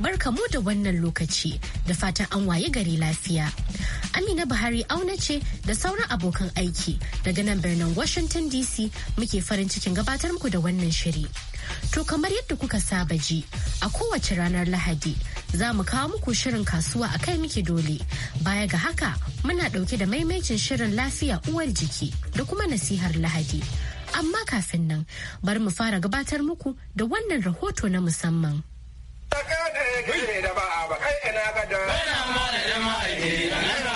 barka mu da wannan lokaci da fatan an waye gari lafiya. Amina Buhari auna ce da sauran abokan aiki daga nan birnin Washington DC muke farin cikin gabatar muku da wannan shiri. To kamar yadda kuka saba ji a kowace ranar Lahadi za mu kawo muku shirin kasuwa a kai muke dole. Baya ga haka muna ɗauke da maimacin shirin lafiya uwar jiki da kuma nasihar Lahadi. Amma kafin nan bari mu fara gabatar muku da wannan rahoto na musamman. Ta da ya ke da ba a ba kai ina gada. na ma da jama'a ke nan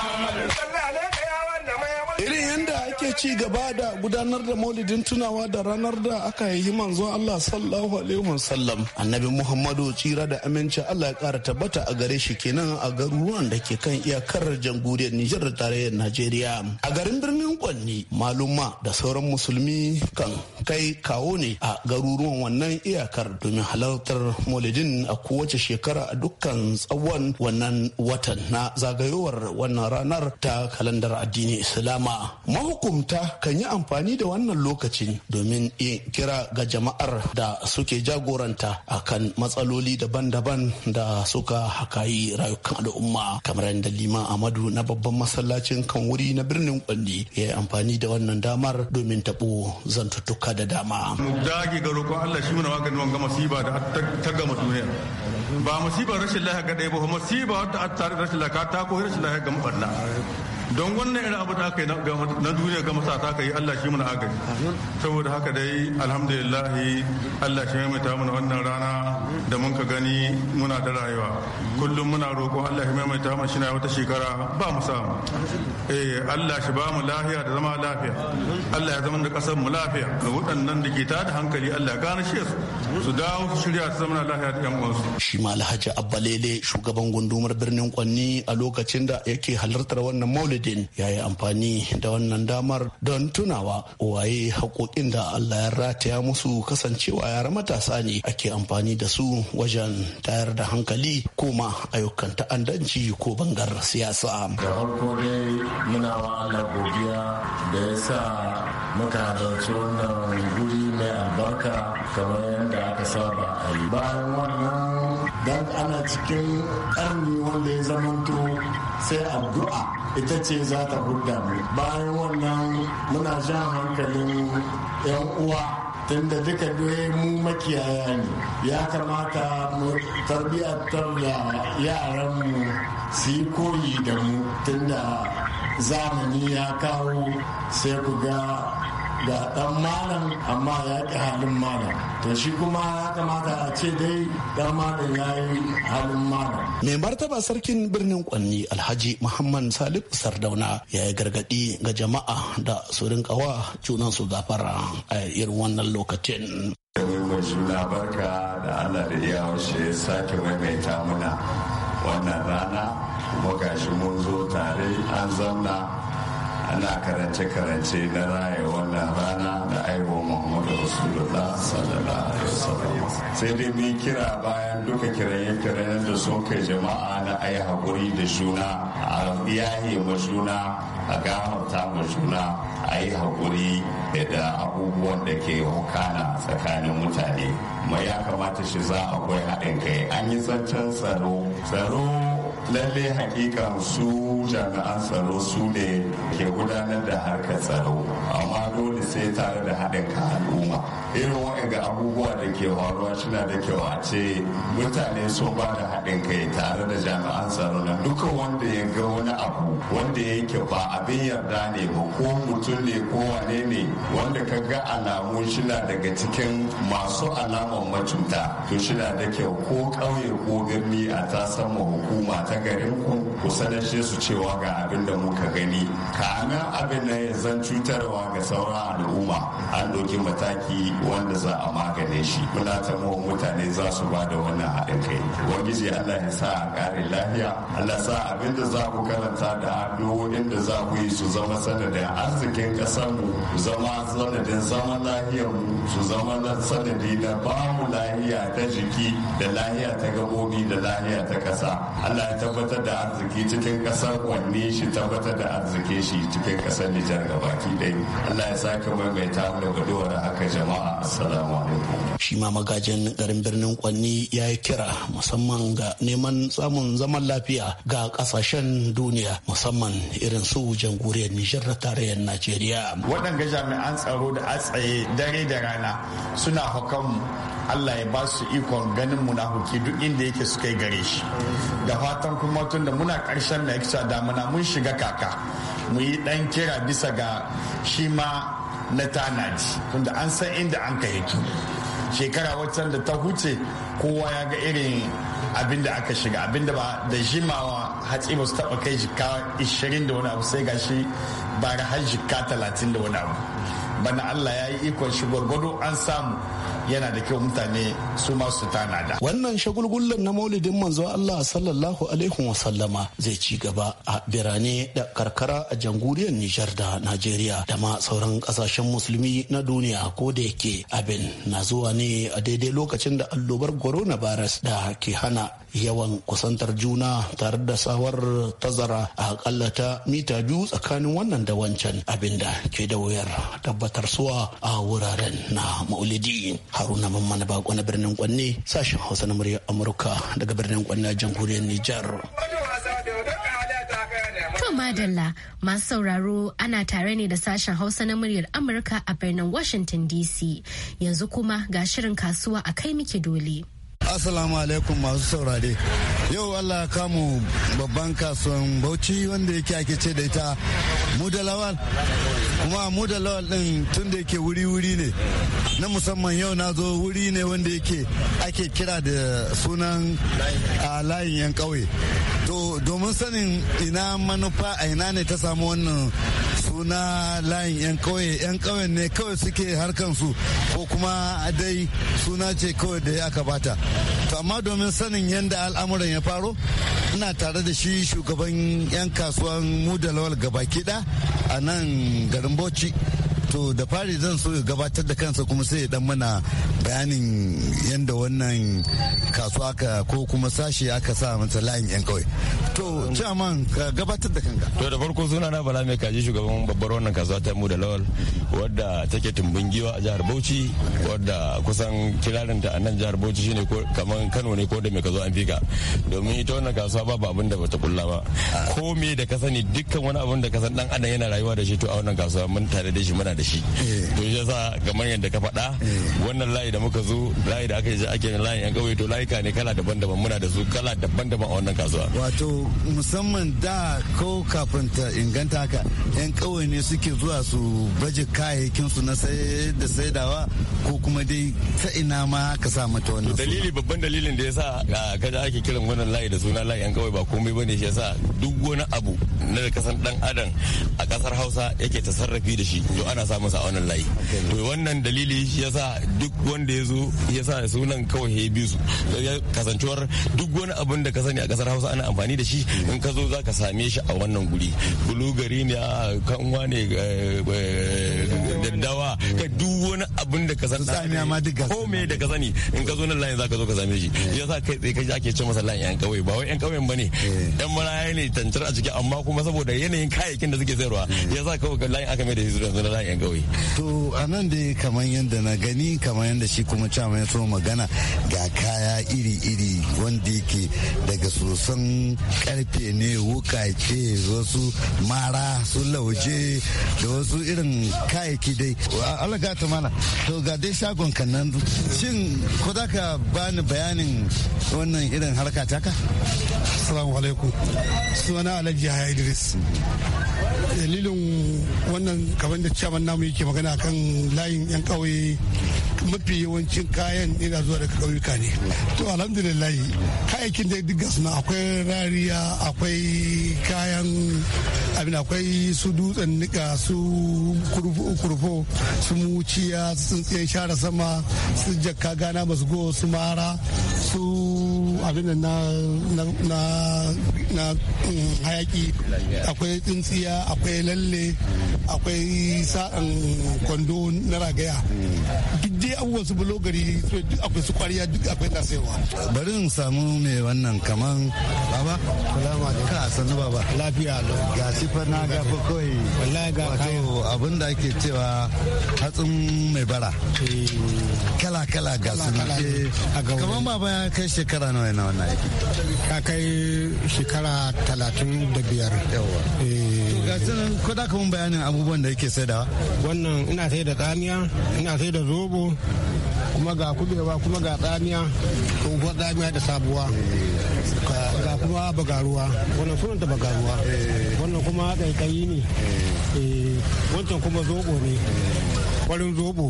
ci gaba da gudanar da maulidin tunawa da ranar da aka yi zuwa Allah sallallahu alaihi wasallam annabi Muhammadu tsira da aminci Allah ya kara tabbata a gare shi kenan a garuruwan da ke kan iyakar jamhuriyar Nijar da tarayyar Najeriya a garin birnin Kwanni maluma da sauran musulmi kan kai kawo ne a garuruwan wannan iyakar domin halartar maulidin a kowace shekara a dukkan tsawon wannan watan na zagayowar wannan ranar ta kalandar addini Islama mahukum wuta kan yi amfani da wannan lokacin domin yin kira ga jama'ar da suke jagoranta akan matsaloli daban-daban da suka hakayi rayukan al'umma kamar yadda lima amadu na babban masallacin kan wuri na birnin kwandi ya yi amfani da wannan damar domin taɓo zantuttuka da dama. mu dage ga roƙon allah shi muna maganin wanga masiba da ta gama duniya ba masibar rashin lahiya ga ɗaya ba masiba wata a tare rashin lahiya ta ko rashin lahiya ga mabarna don wannan irin abu da aka yi na duniya ga masa ta yi Allah shi mana agaji saboda haka dai alhamdulillah Allah shi mai mana wannan rana da mun ka gani muna da rayuwa kullum muna roƙo Allah shi mai mana shi na wata shekara ba mu samu eh Allah shi ba mu lafiya da zama lafiya Allah ya zama da kasar mu lafiya ga waɗannan da ke ta da hankali Allah ya gane shi su dawo su shirya su zama lafiya da ƴan uwansu shi ma Alhaji Abbalele shugaban gundumar birnin Kwanni a lokacin da yake halartar wannan maulid maulidin ya yi amfani da wannan damar don tunawa waye haƙoƙin da allah ya rataya musu kasancewa yara matasa ne ake amfani da su wajen tayar da hankali ko ma ayyukan ta'addanci ko bangar siyasa da farko dai muna wa allah godiya da ya sa muka halarci wannan guri mai albarka kamar yadda aka saba a yi bayan wannan dan ana cikin ƙarni wanda ya zamanto sai addu'a ita ce za ta hudda mu bayan wannan muna jan hankalin 'yan uwa tunda duka doye mu makiyaya ne ya kamata mu tarbiyyar da yaranmu su yi koyi da mu tunda zamani ya kawo sai ku ga da dan malam amma ya ƙi halin malam to shi kuma ya kamata a ce dai dan malam ya yi halin malam mai martaba sarkin birnin kwanni alhaji muhammad salif sardauna ya yi gargaɗi ga jama'a da su rinkawa junan su gafara a irin wannan lokacin mai suna barka da allah da iya sake maimaita muna wannan rana kuma gashi mun zo tare an zanna. ana karance-karance na raya wannan rana da aiwa muhammadu rasulullah sallallahu alaihi wasallam sai dai mun kira bayan duka kiraye kiraye da sun kai jama'a na ai haƙuri da juna a yahe ma juna a gafarta ma juna a yi haƙuri da abubuwan da ke hukana tsakanin mutane mai ya kamata shi za akwai haɗin kai an yi zancen tsaro tsaro lalle hakikan su jami'an tsaro su ne ke gudanar da harkar tsaro amma dole sai tare da haɗin ka al'umma irin waɗanda abubuwa da ke faruwa suna da kyau a ce mutane sun ba da haɗin kai tare da jami'an tsaro na duka wanda ya ga wani abu wanda yake ba abin yarda ne ba ko mutum ne ko wane ne wanda ka ga alamu shina daga cikin masu alamar macuta to shina da kyau ko ƙauye ko birni a ta hukuma ta garin ku ku shi su ce cewa ga abin da muka gani kana abin na zan cutarwa ga sauran al'umma an ɗauki mataki wanda za a magane shi muna ta mutane za su ba da wannan haɗin kai ubangiji allah ya sa a ƙare lafiya allah sa abin da za ku karanta da addu'o'in da za ku yi su zama sanadin arzikin ƙasar mu zama sanadin zaman lafiyar mu su zama sanadi na bamu lahiya ta jiki da lahiya ta gabobi da lahiya ta ƙasa allah ya tabbatar da arziki cikin ƙasar wanne shi tabbatar da arziki shi cikin ƙasar Nijar baki ɗaya. Allah ya sake maimaita da budowar haka jama'a assalamu alaikum. Shi ma magajin garin birnin kwanni ya yi kira musamman ga neman samun zaman lafiya ga kasashen duniya musamman irin su jamhuriyar Nijar da tarayyar Najeriya. Waɗanga jami'an tsaro da a tsaye dare da rana suna hukan Allah ya ba su ikon ganin munafuki duk inda yake suka yi gare shi da fatan kuma tun da muna karshen da yake damuna mun shiga kaka mu yi dan kira bisa ga shi ma na tanadi. tunda an san inda an ka yake shekara waccan da ta huce kowa ya ga irin abin da aka shiga abin da ba da jimawa hatsi ba su taba kai jika 20 da wani abu sai gashi bara har jika 30 da wani abu bana Allah ya yi ikon shi gwargwado an samu yana da kyau mutane su ma su tanada. Wannan shagulgullan na maulidin manzo Allah sallallahu alaihi wasallama zai ci gaba a birane da karkara a jamhuriyar Nijar da Najeriya da ma sauran kasashen musulmi na duniya ko da yake abin na zuwa ne a daidai lokacin da allobar coronavirus da ke hana yawan kusantar juna tare da sawar tazara a akalla ta mita biyu tsakanin wannan da wancan abin da ke da wuyar tabbatar suwa a wuraren na maulidi. haruna mamman bako na birnin kwanne sashen hausa na muryar amurka daga birnin kwanne a jamhuriyar nijar madalla masu sauraro ana tare ne da sashen hausa na muryar amurka a birnin washington dc yanzu kuma ga shirin kasuwa a kai muke dole assalamu alaikum masu saurare yau allah kamu babban kasuwan bauchi wanda yake ake ce da ita mudalawal kuma mudalawal din tun da yake wuri-wuri ne na musamman yau na zo wuri ne wanda yake ake kira da sunan a layin yan kauye to domin sanin ina manufa a ina ne ta samu wannan suna layin 'yan kauye 'yan kauyen ne kawai suke harkansu ko kuma dai suna ce kawai da ya bata to amma domin sanin yadda al'amuran ya faro ina tare da shi shugaban 'yan kasuwan mu da lawal gaba a nan garin bauchi to da fari zan so ya gabatar da kansa kuma sai ya dan mana bayanin yadda wannan kasuwa ka ko kuma sashe aka sa masa layin yan kawai to chairman ka gabatar da kanka to da farko suna na bala mai kaji shugaban babbar wannan kasuwa ta mu da lawal wadda take tumbin giwa a jihar bauchi wadda kusan kirarin ta a nan jihar bauchi shine kamar kano ne ko da mai kazo an fika domin ita wannan kasuwa ba abin da bata kulla ba ko me da ka sani dukkan wani abin da ka san dan adam yana rayuwa da shi to a wannan kasuwa mun tare da shi muna da shi eh. to yasa kamar yadda ka faɗa eh. wannan layi da muka zo layi da aka yi ake layin yan kauye to layuka ne kala daban-daban muna da su kala daban-daban a wannan kasuwa wato musamman da ko kafin ta inganta haka yan kauye ne suke zuwa su baje kayayyakin su na sayar da saidawa ko kuma dai ta ina ma ka sa mata wannan dalili babban dalilin da yasa kaga ake kiran wannan layi da suna layi yan kauye ba komai bane shi yasa duk wani abu na da kasan dan adam a kasar Hausa yake tasarrafi da shi to ana sa sa a wannan layi to wannan dalili yasa duk wanda ya zo yasa sunan kawai ya bi su kasancewar duk wani abin da ka sani a kasar Hausa ana amfani da shi in ka zo za ka same shi a wannan guri bulugari ne a kanwa ne eh, eh, daddawa ka duk wani abin da ka san sani ma duk ko me da ka sani in ka zo nan layin zaka zo ka same shi yasa kai tsaye kaji ake ce masa layin yan kawai ba wai yan kauyen bane yan eh. maraya ne tantar a ciki amma kuma saboda yanayin kayayyakin da suke sayarwa eh. yasa kawai layin aka mai da zuwa zuwa layin yan kawai to anan dai kamar yadda na gani kamar yadda shi kuma chama ya so magana ga kaya iri-iri wanda yake daga sosan karfe ne wukace wasu mara su lauje da wasu irin kayayyaki dai Allah ga ta mana to ga dai shagon kannan shin ko za ka bani bayanin wannan irin harka taka assalamu alaikum sunana alhaji haya idris dalilin wannan kamar da ciyaman namu yake magana kan layin yan kauye mafi yawancin kayan ina zuwa daga ƙauyuka ne to alhamdulillah kayayyakin da duk gasu akwai rariya akwai kayan abin akwai su dutsen nika su kurfo su muciya su tsintsiyar share sama su jakka gana masu go su mara su abin nan na mm, hayaki akwai tsintsiya akwai lalle akwai sa'an kwando na ragaya duk dai abubuwan su bulogari akwai su kwariya duk akwai na saiwa bari in samu me wannan kaman baba salama da ka sanu baba lafiya lo ga sifar na ga fa koi wallahi ga kai abin da ake cewa hatsin mai bara eh. kala kala ga sanu eh, kaman baba ya kai shekara nawa na wannan aiki ka kai shekara talatin da biyar yawa eh. ko da kamun bayanin abubuwan da yake saidawa wannan ina sai da tsamiya ina sai da zobo kuma ga kubewa kuma ga tsamiya kuma tsamiya da sabuwa ga kuma bagaruwa wannan sunan da bagaruwa eh. wannan kuma ɗaiɗayi ne eh. wancan kuma zobo ne farin zobo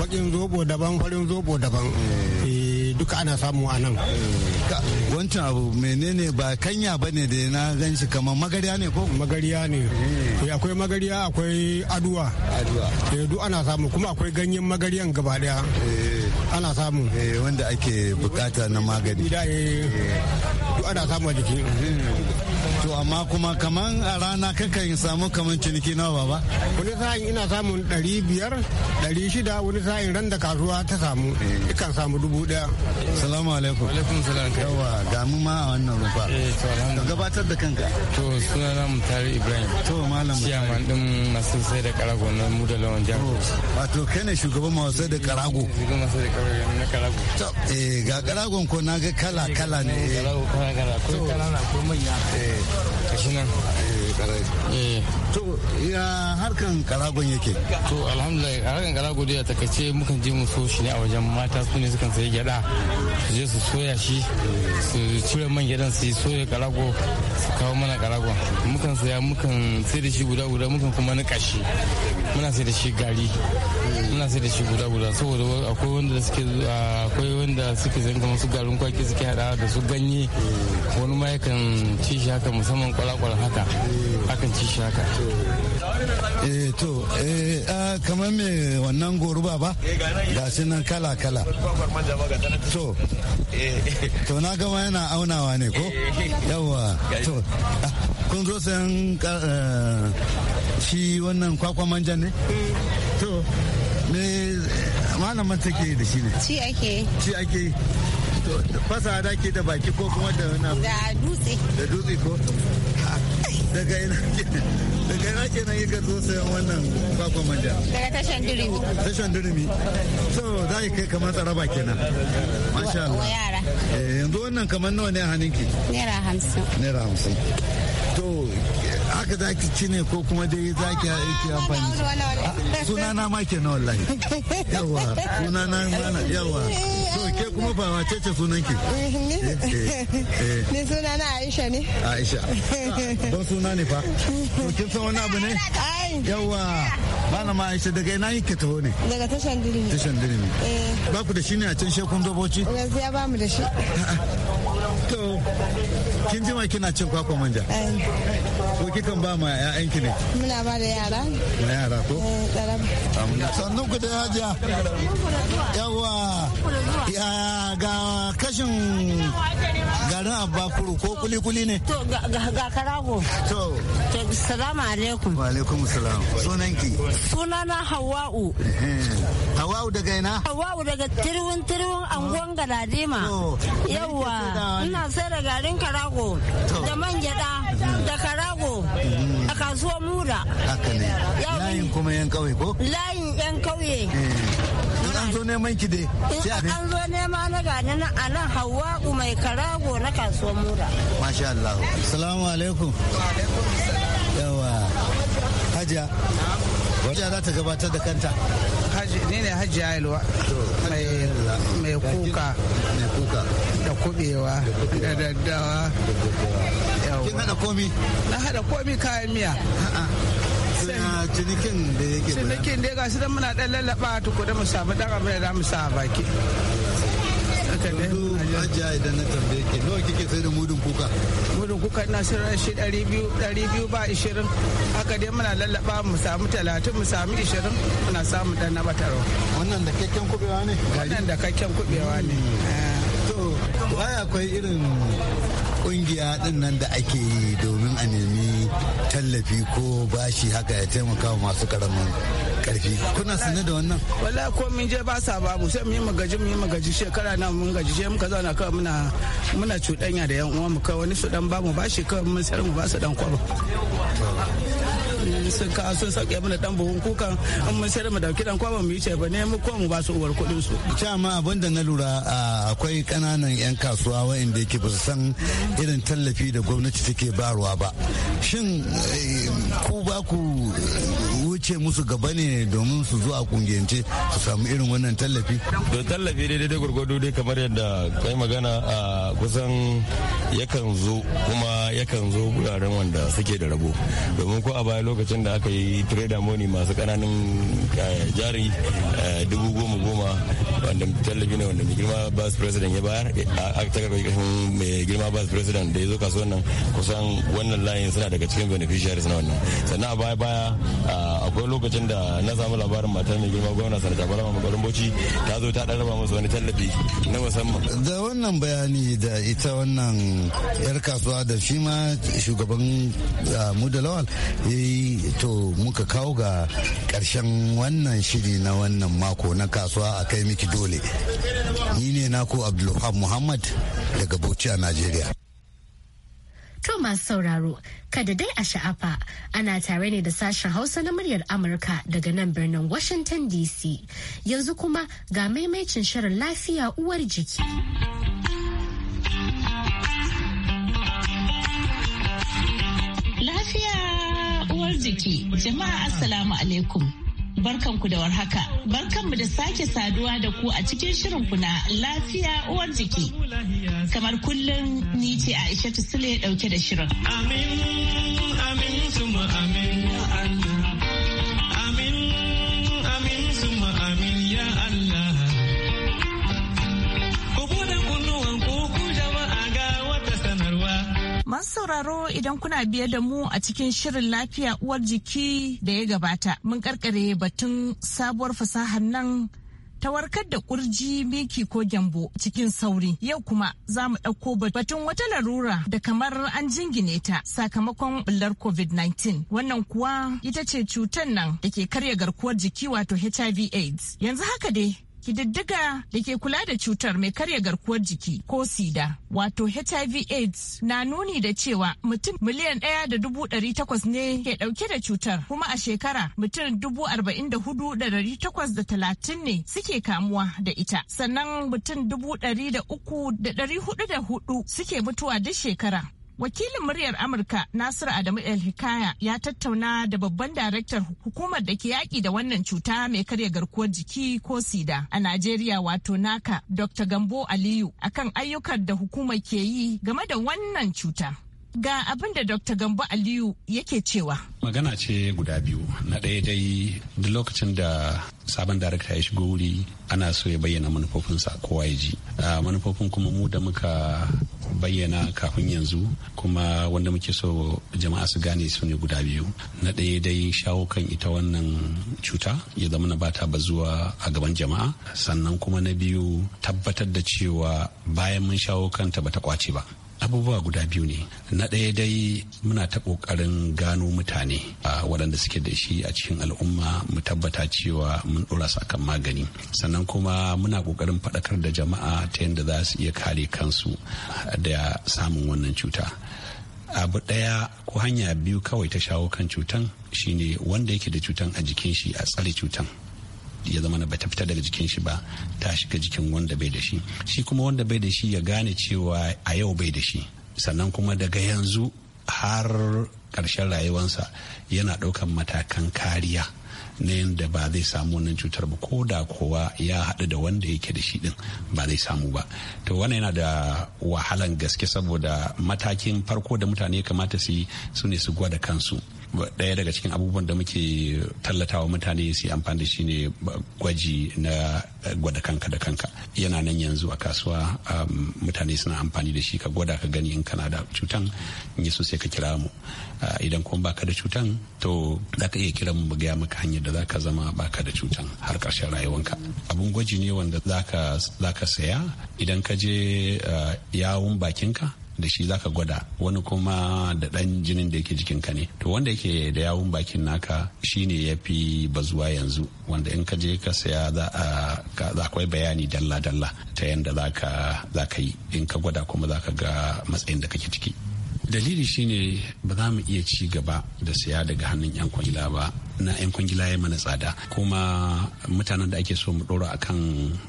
bakin zobo daban farin zobo daban duka ana samu a nan wancan abu menene ba kanya ba ne da na gan shi kamar magariya ne ko magariya ne eh. Eh, akwai magariya akwai aduwa aduwa eh, duk ana samu kuma akwai ganyen magariyan gaba daya ana samu wanda ake bukata na magani duk ana samu a jiki hmm. to amma kuma kaman a rana kakan samu kaman ciniki nawa baba wani sa'in ina samun ɗari biyar ɗari shida wani sa'in ran da kasuwa ta samu ikan samu dubu ɗaya salamu alaikum alaikum salam yawa ga ma a wannan rufa eh, ka gabatar da kanka to suna na mutari ibrahim to malam ciyaman ɗin masu sai da karago na mu da lawan jihar wato kai ne shugaban masu sai da karago shugaban masu sai da karago na karago to eh ga karagon ko na ga kala kala ne kala kala ko kala na ko manya eh gashi nan karai eh. to ya harkan karagon yake to alhamdulillah harkan karago da ta kace mukan je mu so shi ne a wajen mata su ne sukan sayi gyada su je su soya shi su cire man gyadan su soya karago su kawo mana karagon mukan saya mukan sai da shi guda guda mukan kuma na kashi muna sai da shi gari muna sai da shi guda guda saboda akwai wanda suke akwai wanda suke zanga musu garin kwaki suke hada da su ganye wani ma yakan ci shi haka musamman kwalakwal haka akan ci shaka. eh to eh ah, kamar me wannan goruba ba eh, ga shi nan kala kala to eh. to na gama yana aunawa ne ko eh. yawa to ah, kun zo sayan shi wannan kwakwa manja ne mm. to me malaman take da shi ne ci ake ci ake fasa da ke da baki ko kuma da wani da dutse da dutse ko daga ina daga ina kenan yi zo sayan wannan kwakwa manja daga tashan durumi tashan durumi so za yi kai kamar tsaraba kenan masha Allah yara eh, yanzu wannan kamar nawa ne a hannunki naira hamsin naira hamsin to haka za ki ci ne ko kuma dai za ki aiki amfani ah, sunana ma ke na wallahi yawa na mana yawa to ke kuma ba wace ce sunan ki ne sunana Aisha ne Aisha ba suna ne fa to kin san wani abu ne yawa bana ma Aisha daga ina yake taho ne daga tashan dirimi tashan dirimi eh. ba ku da shi ne a can shekun zoboci gaskiya ba mu da shi To, kin jima kina cin kwakwan manja? Eh. ko kikan ba ma ƴaƴanki ne muna ba da yara na yara ko eh, sannan ku da hajiya yawa ya ga kashin garin abba kuru ko kuli kuli ne to ga karago to salamu alaikum wa alaikum salam sunanki sunana hawa'u eh. hawa'u daga ina hawa'u daga tirwin tirwin angon galadima yawa ina sai da garin karago da man gyada da karago a kasuwa mura haka ne layin kuma yan kauye ko layin yan kauye eh. an zo neman ki de. Eh, sai an zo neman na gani na anan hawa'u mai karago na kasuwa mura masha Allah assalamu alaikum yawa hajiya wajen za ta gabatar da kanta ne ne hajiya yalwa mai kuka da kubewa da daddawa kin komi na hada komi kayan miya cinikin da yake cinikin da ya gasu don muna dan lallaba tukuda da mu samu dan abin da mu sa baki yanzu ajiya idan na tambaye ke nawa kike sai da mudun kuka mudun kuka ina sayar shi ɗari biyu ba ishirin haka dai muna lallaba mu samu talatin mu samu ishirin muna samu ɗan na batarwa wannan da kakken kubewa ne wannan da kakken kubewa ne to baya akwai irin kungiya din nan da ake yi domin a nemi tallafi ko bashi haka ya taimaka masu karamin karfi kuna sanar da wannan wallahi ko min je ba sa babu sai mu yi magaji mu yi magaji shekara na mun gaji sai muka zauna kawai muna muna cuɗanya da yan uwa mu kawai wani su dan ba mu ba shi kawai mun sayar mu ba su dan kwaba sun ka sun sauke mana dan buhun kukan an mun sayar mu dauki dan kwaba mu yi ce ba ne mu ko mu ba su uwar kudin su ma abin da na lura akwai kananan yan kasuwa waɗanda yake ba su san irin tallafi da gwamnati take barwa ba shin eh, ku ba ku ce musu gaba ne domin su zo a kungiyance su samu irin wannan tallafi Don tallafi dai daidai gwargwado dai kamar yadda kai magana a kusan yakan zo kuma yakan zo guraren wanda suke da rabo domin ko a baya lokacin da aka yi trade money masu kananan jari dubu goma goma wanda tallafi ne wanda mai girma vice president ya bayar a ta karɓi ƙarfin mai girma vice president da ya zo kasuwan nan kusan wannan layin suna daga cikin beneficiaries na wannan sannan a baya baya akwai lokacin da na samu labarin matar mai girma gwamna sanata balama magarin bauchi ta zo ta dan raba musu wani tallafi na musamman da wannan bayani da ita wannan yar kasuwa da shi ma shugaban ah, mu da lawal to muka kawo ga karshen wannan shiri na wannan mako na kasuwa a kai miki dole ni ne naku abdulhab muhammad daga bauchi a najeriya To masu sauraro, kada dai a sha'afa ana tare ne da sashen Hausa na muryar Amurka daga nan birnin Washington DC. Yanzu kuma ga maimacin shirin lafiya uwar jiki. Lafiya uwar jiki, jama'a Assalamu alaikum. Barkanku da warhaka. Barkanmu da sake saduwa da ku a cikin shirin na lafiya uwar jiki. Kamar kullum ni ce Aisha Sule dauke da shirin. Amin, amin, amin. sauraro idan kuna biye da mu a cikin shirin lafiya uwar jiki da ya gabata mun karkare batun sabuwar fasahar nan ta warkar da kurji miki ko gyambo cikin sauri yau kuma za mu ɗauko batun wata larura da kamar an jingine ta sakamakon bullar covid-19 wannan kuwa ita ce cutar nan da ke karya garkuwar jiki wato hiv aids yanzu haka dai kididdiga da ke kula da cutar mai karya garkuwar jiki ko sida wato hiv aids na nuni da cewa mutum miliyan ɗaya da dubu ɗari takwas ne ke ɗauke da cutar kuma a shekara mutum dubu arba'in da hudu da ɗari takwas da talatin ne suke kamuwa da ita sannan mutum dubu ɗari da uku da ɗari hudu da hudu suke mutuwa duk shekara Wakilin muryar Amurka Nasir Adamu El Hikaya ya tattauna da babban daraktar hukumar da ke yaƙi da wannan cuta mai karya garkuwar jiki ko sida a Najeriya wato naka Dr. Gambo Aliyu akan ayyukan da hukumar ke yi game da wannan cuta. Ga abin da Dr. Gambo Aliyu yake cewa. Magana ce guda biyu. Na ɗaya dai duk lokacin da sabon darakta ya shigo wuri ana so ya bayyana manufofinsa kowa ya ji. Manufofin kuma mu da muka bayyana kafin yanzu kuma wanda muke so jama'a su gane su ne guda biyu na ɗaya dai shawo kan ita wannan cuta ya zama na bata zuwa a gaban jama'a sannan kuma na biyu tabbatar da cewa bayan mun shawo kanta ba ta kwace ba abubuwa guda biyu ne na ɗaya dai muna ta ƙoƙarin gano mutane a waɗanda suke da shi a cikin al'umma mu tabbata cewa mun ɗora su akan magani sannan kuma muna ƙoƙarin faɗakar da jama'a ta yadda za su iya kare kansu da samun wannan cuta abu ɗaya ko hanya biyu kawai ta shawo kan cutan shine wanda yake da cutan a jikin shi a tsare cutan ya zama na bata fita daga jikin shi ba ta shiga jikin wanda bai da shi shi kuma wanda bai da shi ya gane cewa a yau bai da shi sannan kuma daga yanzu har karshen rayuwansa yana ɗaukan matakan kariya na yadda ba zai samu wannan cutar ba ko da kowa ya haɗu da wanda yake da shi ɗin ba zai samu ba to wannan yana da wahalan gaske saboda matakin farko da mutane kamata su yi su ne su gwada kansu Daya daga cikin abubuwan da muke tallatawa mutane su amfani da shi ne gwaji na eh, gwada kanka da kanka yana nan yanzu a kasuwa um, mutane suna amfani da shi ka gwada ka gani in kana da cutan in yi ka kira mu ah, idan kuma baka da cutan to za ka iya kira mu mu gaya maka hanyar da za ka zama baka da cutan har ƙarshen rayuwanka abun gwaji ne wanda za ka saya idan ka je ah, yawun bakinka da shi zaka gwada wani kuma da ɗan jinin da yake jikin ka ne to wanda yake da yawun bakin naka shine ya fi bazuwa yanzu wanda in ka je ka saya za a akwai bayani dalla-dalla ta yanda za ka yi in ka gwada kuma za ka ga matsayin da kake ciki dalili shine ba za mu iya ci gaba da saya daga hannun 'yan kwangila ba na 'yan kwangila ya mana tsada kuma mutanen da ake so mu ɗora a kan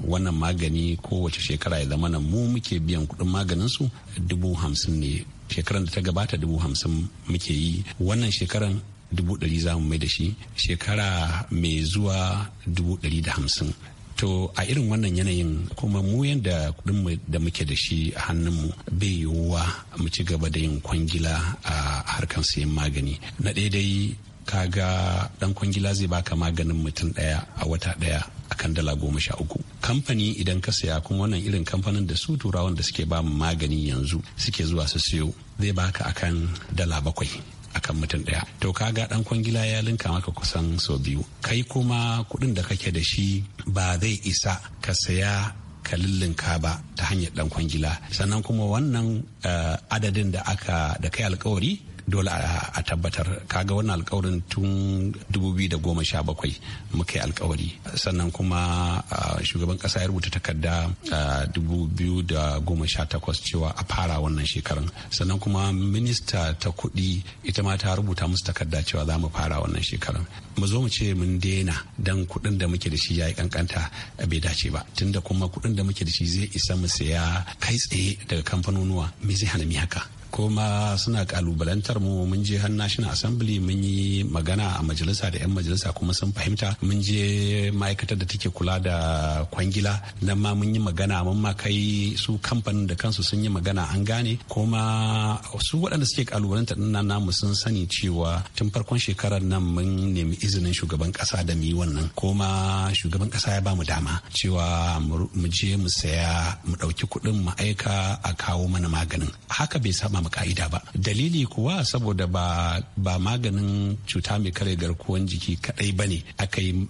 wannan magani kowace shekara ya zama mu muke biyan kuɗin maganin su dubu hamsin ne shekaran da ta gabata dubu hamsin muke yi wannan shekaran dubu ɗari za mu mai da shi shekara mai zuwa dubu ɗari da hamsin to a irin wannan yanayin kuma mu yadda kudin da muke da shi a hannunmu bai yiwuwa mu ci gaba da yin kwangila a harkar sayan magani na ɗaya dai kaga dan kwangila zai baka maganin mutum ɗaya a wata ɗaya kan dala goma sha uku kamfani idan ka saya kuma wannan irin kamfanin da su turawan da suke ba mu magani yanzu suke zuwa su siyo zai baka akan dala bakwai akan mutum daya to kaga dan kwangila ya linka maka kusan sau biyu kai kuma kuɗin da kake da shi ba zai isa ka saya ka lullunka ba ta hanyar dan kwangila sannan kuma wannan eh, adadin da aka da kai alkawari dole a tabbatar kaga wannan alkawarin tun 2017 muka yi alkawari sannan kuma shugaban kasa ya rubuta takarda 2018 cewa a fara wannan shekaran sannan kuma minista ta kuɗi ita ma ta rubuta musu takarda cewa za mu fara wannan shekaran mu zo mu ce mun daina dan kuɗin da muke da shi ya yi kankanta bai dace ba tunda kuma kuɗin da muke da shi zai isa mu saya kai tsaye daga kamfanonuwa me zai hana mi haka kuma suna kalubalantar mu mun je har national assembly mun yi magana a majalisa da 'yan majalisa kuma sun fahimta mun je ma'aikatar da take kula da kwangila nan ma mun yi magana mun ma kai su kamfanin da kansu sun yi magana an gane kuma su waɗanda suke kalubalantar ɗin namu sun sani cewa tun farkon shekarar nan mun nemi izinin shugaban kasa da mu wannan kuma shugaban ƙasa ya ba mu dama cewa mu je mu saya mu ɗauki kuɗin mu aika a kawo mana maganin haka bai saba ka'ida ba dalili kuwa saboda ba ba maganin cuta mai kare garkuwan jiki kadai bane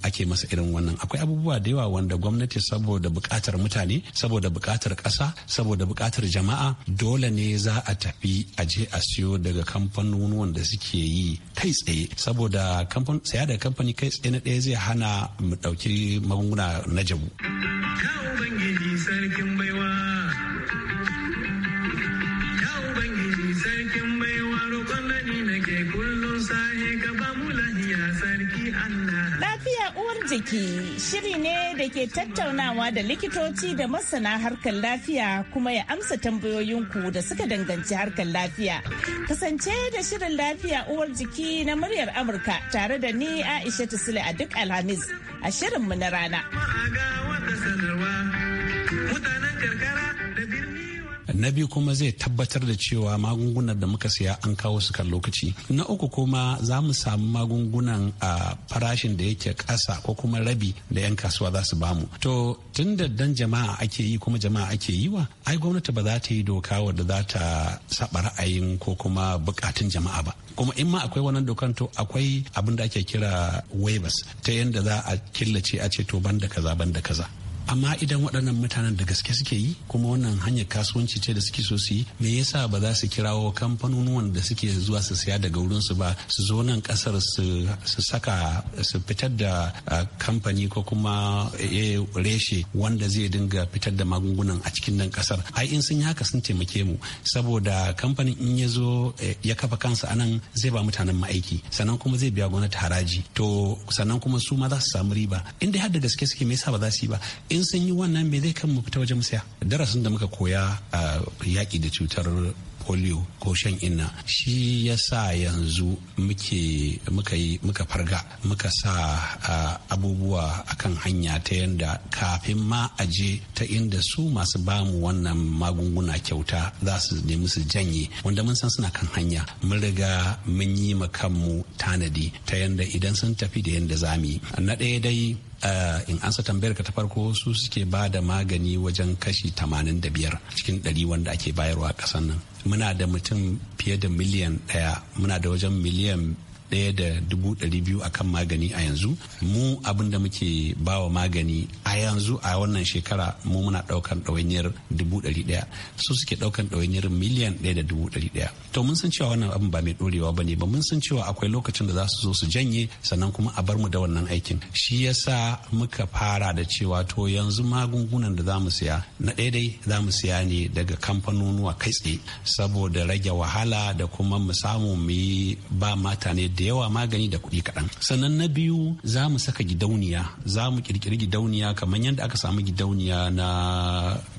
ake masa irin wannan akwai abubuwa da yawa wanda gwamnati saboda bukatar mutane saboda bukatar ƙasa saboda bukatar jama'a dole ne za a tafi a je a siyo daga kamfanin wanda suke yi kai tsaye saboda saya da kamfani kai tsaye na ɗaya zai hana mu ɗauki magunguna na jabu. sarkin Uwar jiki shiri ne da ke tattaunawa da likitoci da masana harkar lafiya kuma ya amsa tambayoyinku da suka danganci harkar lafiya. Kasance da shirin lafiya uwar jiki na muryar Amurka tare da ni Aisha Tusile a duk Alhamis a shirinmu na rana. na biyu kuma zai tabbatar da cewa magungunan da muka siya an kawo su kan lokaci na uku kuma za mu samu magungunan a farashin da yake ƙasa ko kuma rabi da 'yan kasuwa za su bamu to tun da dan jama'a ake yi kuma jama'a ake yi wa ai gwamnati ba za ta yi doka wadda za ta saba ra'ayin ko kuma bukatun jama'a ba kuma in ma akwai wannan dokan to akwai abin da ake kira waivers ta yadda za a killace a ce to banda kaza banda kaza amma idan waɗannan mutanen da gaske suke yi kuma wannan hanyar kasuwanci ce da suke so su yi me yasa ba za su kirawo kamfanonuwan da suke zuwa su siya daga wurin su ba su zo nan kasar su saka su fitar da kamfani ko kuma eh, reshe wanda zai dinga fitar da magungunan a cikin nan kasar ai in sun yi haka sun taimake mu saboda kamfanin in ya zo eh, ya kafa kansa anan nan zai ba mutanen ma'aiki sannan kuma zai biya gwamnati haraji to sannan kuma su ma za su samu riba inda har da gaske suke me yasa ba za su yi ba in sun yi wannan me zai kan mu fita wajen saya darasin da muka koya a yaƙi da cutar polio ko shan inna shi ya sa yanzu muke muka yi muka farga muka sa abubuwa akan hanya ta yadda kafin ma aje ta inda su masu bamu wannan magunguna kyauta za su nemi su janye wanda mun san suna kan hanya mun riga mun yi kanmu tanadi ta yadda idan sun tafi da yadda zamu yi na ɗaya dai Eh, in ansa tambayar ka ta farko su suke ba da magani wajen kashi 85 cikin 100 wanda ake bayarwa a kasan nan muna da mutum fiye da miliyan daya muna da wajen miliyan ɗaya da dubu ɗari biyu akan magani a yanzu mu abin da muke bawa magani a yanzu a wannan shekara mu muna ɗaukan ɗawainiyar dubu ɗari ɗaya su suke ɗaukan ɗawainiyar miliyan ɗaya da dubu ɗari ɗaya to mun san cewa wannan abin ba mai ɗorewa ba ne ba mun san cewa akwai lokacin da za su zo su janye sannan kuma a bar mu da wannan aikin shi yasa muka fara da cewa to yanzu magungunan da za mu siya na daidai za mu siya ne daga kamfanonuwa kai tsaye saboda rage wahala da kuma mu samu mu yi ba mata ne da yawa magani da kuɗi kaɗan sannan na biyu za mu saka gidauniya za mu kirkiri gidauniya kamar yadda aka samu gidauniya na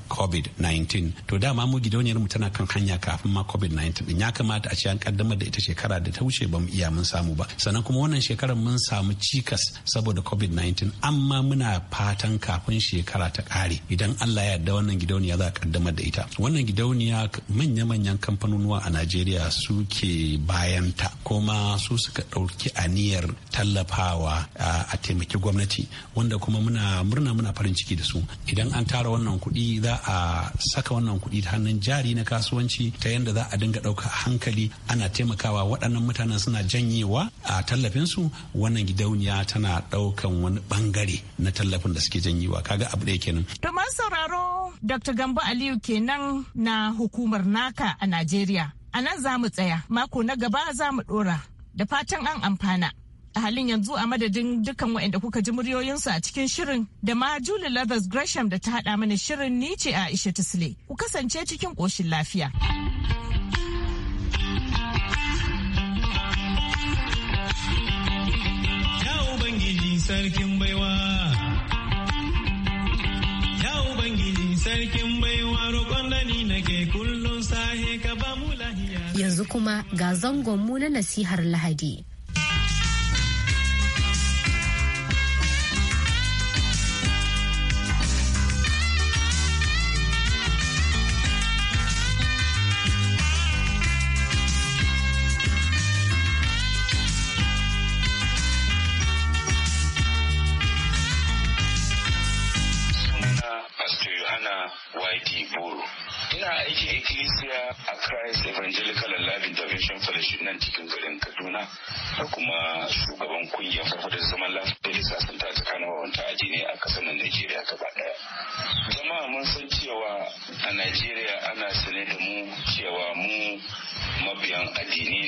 covid-19 to dama mu gidauniyar mu tana kan hanya kafin ma covid-19 din ya kamata a ce an kaddamar da ita shekara da ta wuce ba mu iya mun samu ba sannan kuma wannan shekarar mun samu cikas saboda covid-19 amma muna fatan kafin shekara ta kare idan Allah ya yarda wannan gidauniya za a kaddamar da ita wannan gidauniya manya-manyan kamfanonuwa a Najeriya suke bayan ta kuma su suka ɗauki aniyar tallafawa a taimaki gwamnati wanda kuma muna murna muna farin ciki da su idan an tara wannan kuɗi za a saka wannan kuɗi ta hannun jari na kasuwanci ta yadda za a dinga ɗauka hankali ana taimakawa waɗannan mutanen suna janyewa a tallafinsu wannan gidauniya tana ɗaukan wani bangare na tallafin da suke janyewa kaga abu ɗaya kenan. To sauraro Dr. Gambo Aliyu kenan na hukumar naka a Najeriya. A nan za mu tsaya, mako na gaba za mu ɗora. da fatan an amfana. a halin yanzu a madadin dukkan waɗanda kuka ji muryoyinsu a cikin shirin da ma Julie Leathers Gresham da ta haɗa mana shirin ni ce a Aisha Tisle. Ku kasance cikin ƙoshin lafiya. Ya Ubangiji sarkin baiwa. yanzu kuma ga zangonmu na nasihar Lahadi. YD Ina aiki Ecclesia a Christ Evangelical nan cikin garin kaduna da kuma shugaban kungiyar da zaman lafiya da sasanta tsakanin wawanta ne a kasar najeriya gaba daya jama'a mun san cewa a najeriya ana sane da mu cewa mu mabiyan addini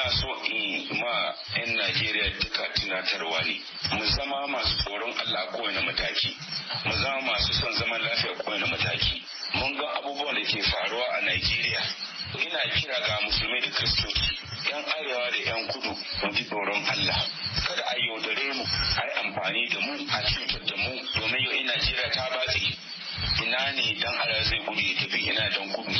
ina so in ma 'yan Najeriya duka tunatarwa ne mu zama masu tsoron Allah kowane mataki mu zama masu son zaman lafiya kowane mataki mun ga abubuwan da ke faruwa a Najeriya ina kira ga musulmi da kristoci yan arewa da yan kudu mun ji tsoron Allah kada a yaudare mu a yi amfani da mu a cutar da mu domin yau Najeriya ta batse ina ne dan Allah zai gudu ya tafi ina dan kudu